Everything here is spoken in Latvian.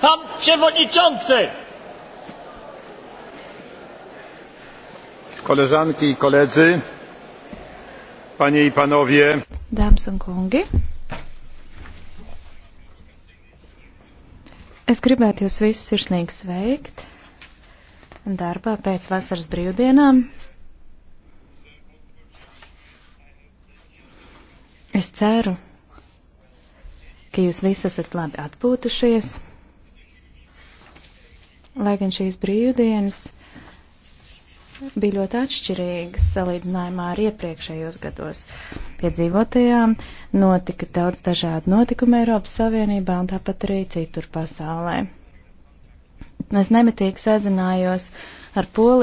Pan Przewodniczący! Koleżanki i koledzy, Panie i Panowie. Dāmas un kungi, es gribētu jūs visus sirsnīgi sveikt darbā pēc vasaras brīvdienām. Es ceru, ka jūs visi esat labi atpūtušies lai gan šīs brīvdienas bija ļoti atšķirīgas salīdzinājumā ar iepriekšējos gados piedzīvotajām, notika daudz dažādu notikumu Eiropas Savienībā un tāpat arī citur pasaulē. Es nemitīgi sazinājos ar Poliju,